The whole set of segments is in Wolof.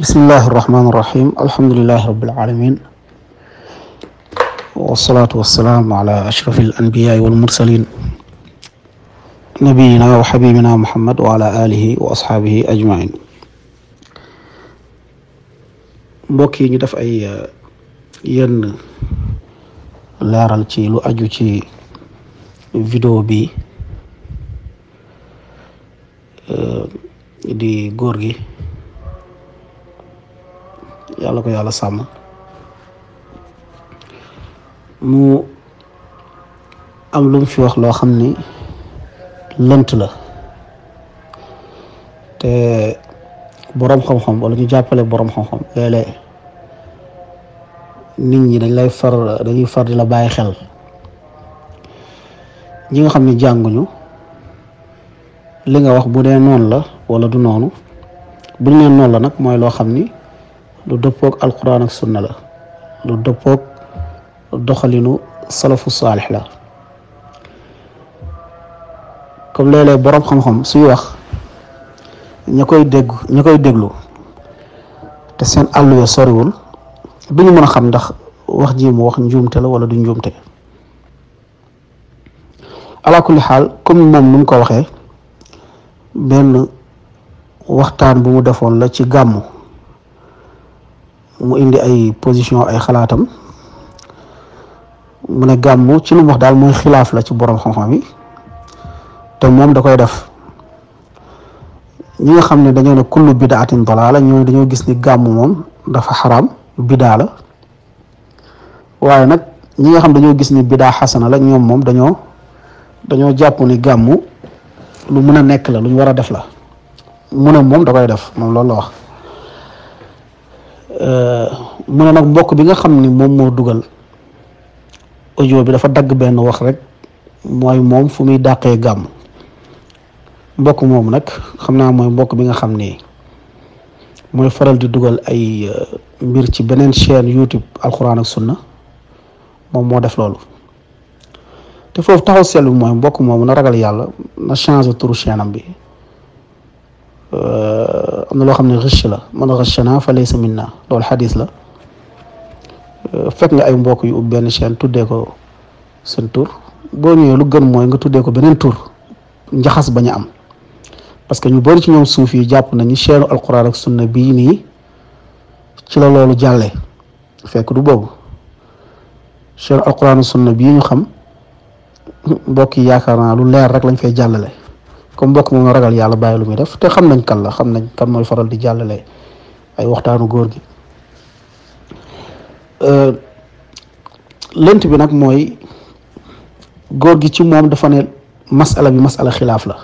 بسم الله الرحمن الرحيم الحمد لله رب العالمين والصلاة والسلام على أشرف الأنبياء والمرسلين نبينا وحبيبنا محمد وعلى آله وأصحابه أجمعين mbokk yi ñu ين ay uh, yenn leeral ci lu aju ci yàlla ko yàlla sàmm mu am lu mu fi wax loo xam ni lënt la te boroom xam-xam wala ñu jàppale boroom xam-xam léeg nit ñi dañ lay far dañuy far di la bàyyi xel ñi nga xam ni jànguñu li nga wax bu dee noonu la wala du noonu bu dee noonu la nag mooy loo xam ni lu dëppoog alquran ak sunna la lu dëppoog doxalinu salafu saalix la comme léeg-léeg boroom xam-xam suy wax ña koy dégg ña koy déglu te seen àll soriwul bi ñu mën a xam ndax wax ji mu wax njuumte la wala du njuumte ala kulli xaal comme moom nu mu ko waxee benn waxtaan bu mu defoon la ci gàmmu mu indi ay position ay xalaatam mu ne gàmmu ci lu wax daal mooy xilaaf la ci borom xam-xam yi te moom da koy def ñi nga xam ne dañoo ne kullu bidaatin dalaala ñooñu dañoo gis ni gàmm moom dafa xaraam bidaa la waaye nag ñi nga xam dañoo gis ni bidaa xasana la ñoom moom dañoo dañoo jàpp ni gàmmu lu mun a nekk la lu ñu war a def la mu a moom da koy def moom loolu la wax mu ne nag mbokk bi nga xam ni moom moo dugal audio bi dafa dagg benn wax rek mooy moom fu muy dàqee gàmm mbokk moomu nag xam naa mooy mbokk bi nga xam ni mooy faral di dugal ay euh, mbir ci beneen chaîne YouTube alxuraan ak sunna moom moo def loolu te foofu taxaw seetlu mooy mbokk moomu na ragal yàlla na change turu chaîne am bi am na loo xam ne rëcc la man rëccana fa laysa minna loolu xadis la fekk nga ay mbokk yu ubbi benn chaîne tuddee ko seen tur boo ñëwee lu gën mooy nga tuddee ko beneen tur njaxas ba ñu am parce que ñu bëri ci ñoom suuf yi jàpp nañu chaîne alquran ak sunna bii nii ci la loolu jàllee fekk du boobu chaîne alquran sunna bii ñu xam mbokk yaakaar naa lu leer rek lañ fay jàllale. comme mbokk moom ragal yàlla bàyyi lu muy def te xam nañ kan la xam nañ kan mooy faral di jàllale ay waxtaanu góor gi lënt bi nag mooy góor gi ci moom dafa ne masala bi masala xilaaf la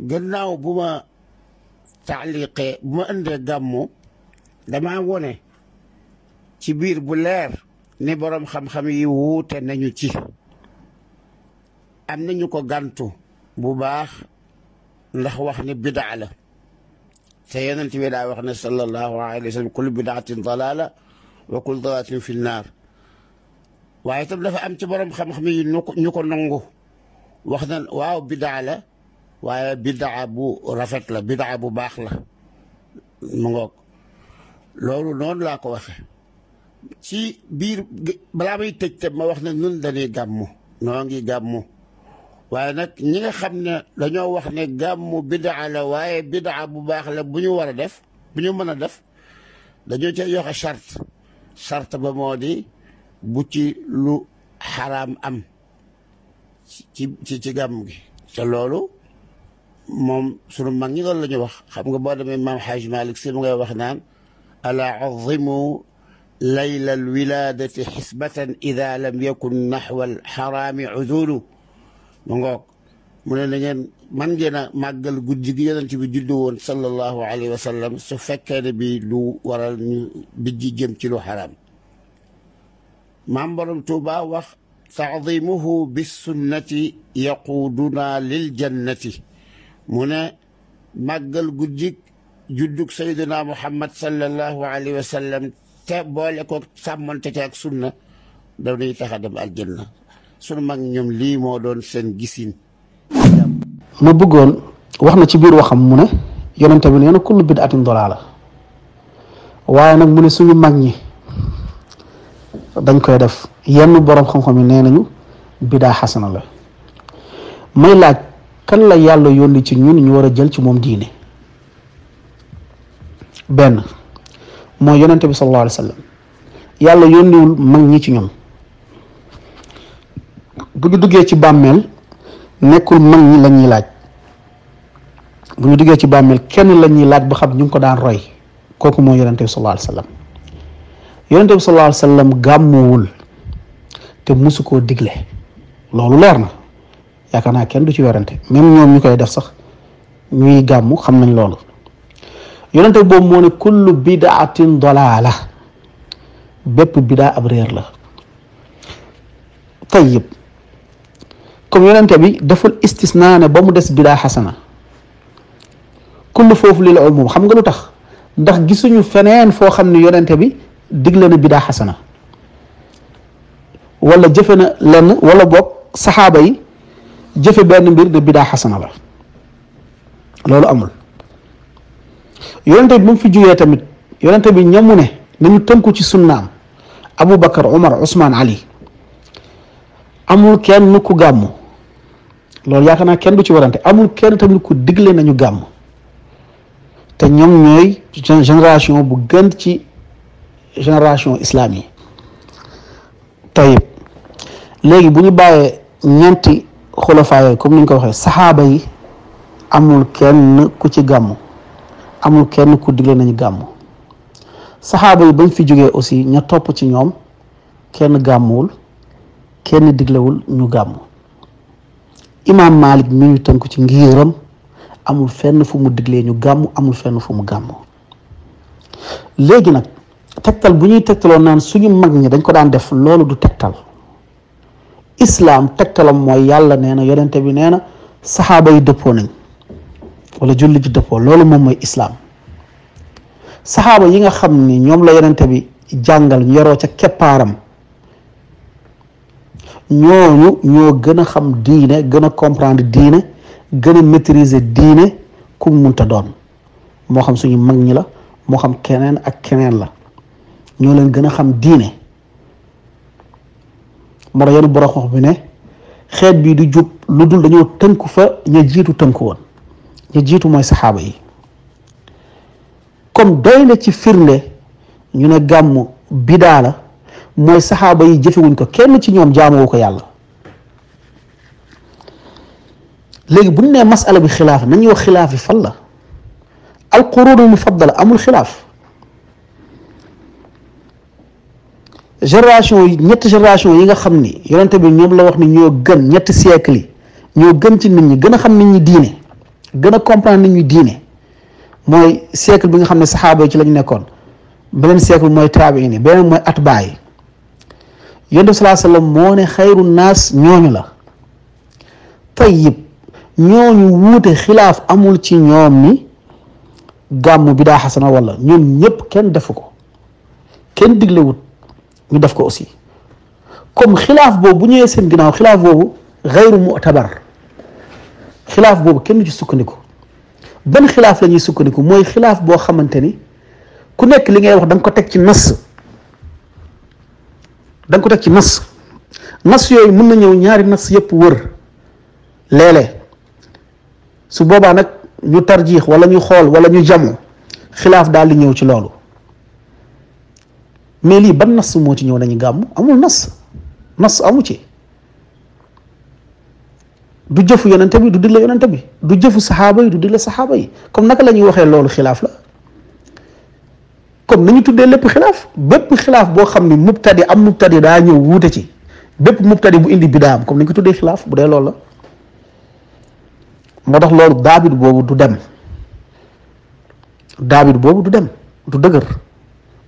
gannaaw bu ma taaliqee bu ma indee gàmmu damaa wone ci biir bu leer ni boroom xam-xam yi wuute nañu ci am na ñu ko gàntu bu baax ndax wax ne bidaa la te yonent bi daa wax ne sallallahu alayhi wa sallam kul bidaatin dalaala wa kul dalaalatin fi nnaar waaye itam dafa am ci borom xam-xam yi ñu ko ñu ko nangu wax na waaw bidaa la waaye bidaa bu rafet la bidaa bu baax la mu ngoog loolu noonu laa ko waxe ci biir balaa may tëj te ma wax ne nun dañuy gàmmu noo ngi gàmmu waaye nag ñi nga xam ne dañoo wax ne gàmmu bidaa la waaye bidaa bu baax la bu ñu war a def bu ñu mën a def dañoo cay yoxe charte charte ba moo di bu ci lu xaraam am ci ci ci gàmm gi te loolu moom sunu mag ñi loolu la ñu wax xam nga boo demee maam xaaj malik si mu ngay wax naan ala azimu layla alwiladati xisbatan ida lam yakun naxwa alxaraami udulu mu ngoog mu ne na ngeen man ngeen a màggal guddi gi yonent bi juddu woon sallallahu alayhi wa sallam su fekkee ne bi lu waral ñu bijji jëm ci lu xaraam maam borom Tuuba wax taadimuhu bissunnati yaquuduna lil jannati mu ne màggal guddi juddug sayduna muhammad sallallahu alayhi wa sallam te boole ko sàmmante ak sunna daf nuy tax a dem aljanna sunu mag ñoom lii moo doon seen gisin mu bëggoon wax na ci biir waxam mu ne yonente bi nee na kullu bid'atin la waaye nag mu ne suñu mag ñi dañ koy def yenn boroom xam-xam yi nee nañu bidaa xasana la may laaj kan la yàlla yónni ci ñun ñu war a jël ci moom diine benn mooy yonente bi sallallahu alayhi wa sallam yàlla yónniwul mag ñi ci ñoom bu ñu duggee ci bàmmeel nekkul mag ñi la laaj bu ñu duggee ci bàmmeel kenn la ñuy laaj ba xam ñu ngi ko daan roy kooku moo yonente bi sallallahu alayhi wa sallam yonente bi sallallahu alayhi gàmmuwul te musu koo digle loolu leer na yaakaar naa kenn du ci werante même ñoom ñu koy def sax ñuy gàmmu xam nañ loolu yonente boobu moo ne kullu bidaatin dalaala bépp bidaa ab réer la tayyib comme yonente bi deful istisnaa ne ba mu des bidaa xasana kull foofu li la umum xam nga lu tax ndax gisuñu feneen foo xam ne yonente bi digle na bidaa xasana wala jëfe na lenn wala boog saxaaba yi jëfe benn mbir de bidaa xasana la loolu amul yonente bi mu fi jugee tamit yonente bi ñamu ne nañu tënku ci sunnaam Aboubacar Omar Ousmane Ali amul kenn ku gàmmu loolu yaakaar naa kenn du ci warante amul kenn tamit ku digle nañu gàmm te ñoom ñooy génération bu gën ci génération islam yi tayib léegi bu ñu bàyyee ñeenti xulafaa yooyu comme ni ñu ko waxee saxaaba yi amul kenn ku ci gàmm amul kenn ku digle nañu gàmm saxaaba yi bañ fi jógee aussi ña topp ci ñoom kenn gàmmuwul kenn diglewul ñu gàmm imaam Malik mi ñu tënk ci ngiiram amul fenn fu mu diglee ñu gàmm amul fenn fu mu gàmm léegi nag tegtal bu ñuy tegtaloo naan suñu mag ñi dañ ko daan def loolu du tegtal islaam tegtalam mooy yàlla nee na yonente bi nee na saxaaba yi dëppoo nañ wala julli ji dëppoo loolu moom mooy islaam saxaaba yi nga xam ni ñoom la yonente bi jàngal ñu ca keppaaram ñooñu ñoo gën a xam diine gën a comprendre diine gën a maîtriser diine ku mu munta doon moo xam suñu mag ñi la moo xam keneen ak keneen la ñoo leen gën a xam diine moo tax yenn borom bi ne xeet bii du jub lu dul dañoo tënku fa ña jiitu tënku woon ña jiitu mooy saxaaba yi comme doy na ci firnde ñu ne gàmm bidaa la moy sahaba yi jëfé wuñ ko kenn ci ñoom jaamoo ko yàlla légui buñ né masala bi xilaaf nañu wax fi falla al qurun alquruunul mufaddala amul khilaf génération yi ñett génération yi nga xamni ni yonente bi ñoom la wax ni ñoo gën ñett siècle yi ñoo gën ci nit ñi gëna xam nit ñi diine gëna comprendre nit ñi diine moy siècle bi nga xamni sahaba yi ci lañu nekkoon beneen siècle mooy tabiini yi beneen mooy atbaa yi yonent bi salaa sallam moo ne xayru naas ñooñu la tayyib ñooñu wuute xilaaf amul ci ñoom ni gàmm bi daa xasana wala ñoom ñëpp kenn defu ko kenn diglewut ñu def ko aussi comme xilaaf boobu bu ñëwee seen ginnaaw xilaaf boobu xayru mu'tabar xilaaf boobu kenn ci sukkandiku ban xilaaf lañuy sukkandiku mooy xilaaf boo xamante ni ku nekk li ngay wax da ko teg ci nas dang ko tek ci nas nas yoy mën na ñëw ñaari nas yëpp lélé su boba nak ñu tarjih wala ñu xol wala ñu jamu khilaf dal li ñëw ci lolu mais li ban nas mo ci ñëw nañu gam amul nas nas amu ci du jëfu yonente bi du dilla yonente bi du jëfu sahaba yi du dilla sahaba yi comme naka lañuy waxé lolu khilaf la comme nañu tuddee lépp xilaaf bépp xilaaf boo xam ni mubtadi am mubtadi daa ñëw wuute ci bépp mubtadi bu indi bidaam comme nañu ko tuddee xilaaf bu dee loolu la moo tax loolu daabit boobu du dem daabit boobu du dem du dëgër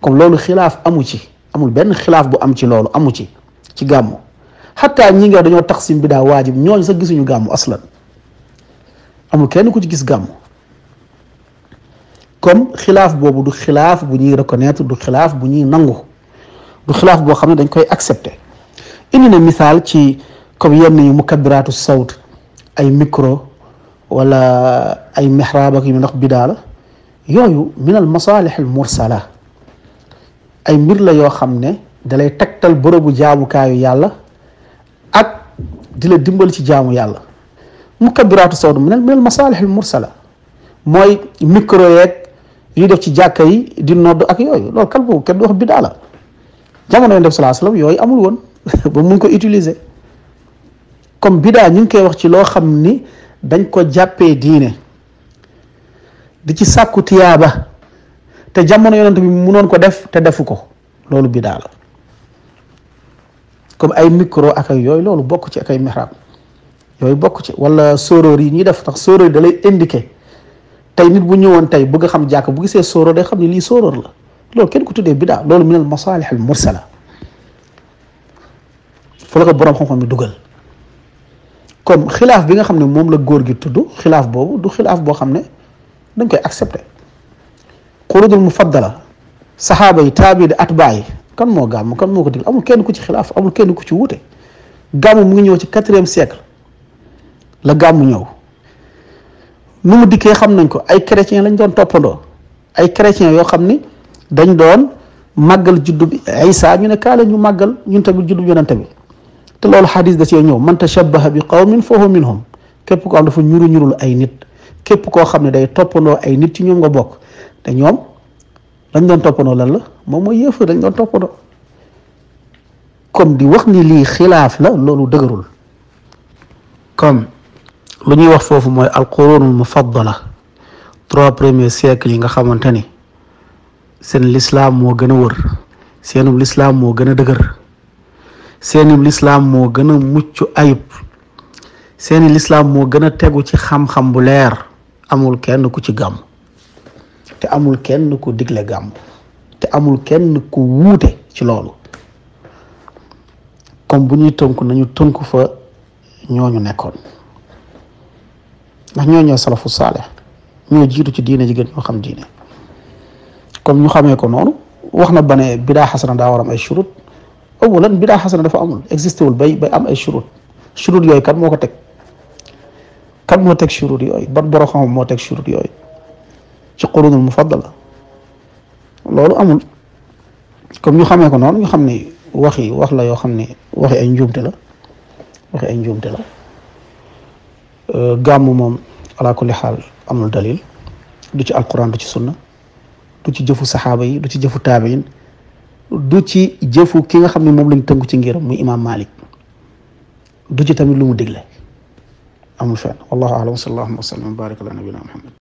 comme loolu xilaaf amu ci amul benn xilaaf bu am ci loolu amu ci ci gàmmu xataa ñi nga dañoo taxsim bidaa waajib ñooñ sax gisuñu gàmmu aslan amul kenn ku ci gis gàmmu comme xilaaf boobu du xilaaf bu ñuy reconnaître du xilaaf bu ñuy nangu du xilaaf boo xam ne dañ koy accepter indi na misaal ci comme yenn yu mukabbiraatu sawt ay micro wala ay mihrab ak yu ndax bidaa la yooyu min al masalih al mursala ay mbir la yoo xam ne dalay tegtal bërëbu jaamukaayu yàlla ak di la dimbal ci jaamu yàlla mukabbiraatu sawt min al masalih al mursala mooy micro yeeg ñuy def ci jàkka yi di nodd ak yooyu loolu kal boobu kenn du wax bidaa la jamono yi def salaa salaam yooyu amul woon mu ngi ko utiliser comme bidaa ñu ngi koy wax ci loo xam ni dañ ko jàppee diine di ci sàkku tiyaaba te jamono yonent bi munoon ko def te defu ko loolu bidaa la comme ay micro ak ay yooyu loolu bokk ci ak ay yooyu bokk ci wala sóoróor yi ñuy def tax sóoróor yi da lay indiqué tay nit bu ñewon tay bëgg xam jàkk bu gisee soro day xam ni li soro la lool kenn ku tuddee bida loolu min al masalih al mursala fu la ko borom xam-xam ni dugal comme xilaaf bi nga xam ne moom la góor gi tudd xilaaf boobu du xilaaf boo xam ne dañ koy accepté xurujul mufaddala sahaba yi taabi di atbaa yi kan moo gàmm kan moo ko digal amul kenn ku ci xilaaf amul kenn ku ci wute gàmm mu ngi ñëw ci quatrième siècle la gàmm ñëw nu mu dikkee xam nañ ko ay chrétien lañ doon toppandoo ay chrétien yoo xam ni dañ doon màggal juddu bi saa ñu ne kaale ñu màggal ñun tamit juddu yonante bi te loolu xadis da cee ñëw man tashabbaha bi qawmin fa huwa minhum képp koo xam dafa ñuru ñurul ay nit képp koo xam ne day toppandoo ay nit ci ñoom nga bokk te ñoom lañ doon toppandoo lan la moom mooy yëf dañ doon toppandoo comme di wax ni lii xilaaf la loolu dëgërul lu ñuy wax foofu mooy alqurunul mufaddala trois premiers siècles yi nga xamante ni seen lislaam moo gën a wër seenum lislaam moo gën a dëgër seeni lislaam moo gën a mucc ayib seeni lislaam moo gën a tegu ci xam-xam bu leer amul kenn ku ci gàmm te amul kenn ku digle gàmm te amul kenn ku wuute ci loolu comme bu ñuy tënku nañu tënku fa ñooñu nekkoon ndax ñoo ñooy salafu saalix ñoo jiitu ci diine jigéen ñoo xam diine comme ñu xamee ko noonu wax na ba ne bidaa xasana daa war am ay churut awalan bidaa xasana dafa amul existé wul bay bay am ay churut churut yooyu kan moo ko teg kan moo teg churut yooyu ban borom xam moo teg churut yooyu ci qurunul mufaddala loolu amul comme ñu xamee ko noonu ñu xam ni wax yi wax la yoo xam ni waxi ay njuumte la waxi ay njuumte la gàmmu moom ala kulli xaal amul dalil du ci alquran du ci sunna du ci jëfu saxaaba yi du ci jëfu taabiin du ci jëfu ki nga xam ne moom lañ tënku ci ngiram muy imaam Malik du ci tamit lu mu digle amul fenn wallahu a'lam sallallahu wa sallam wa barik ala nabina muhammad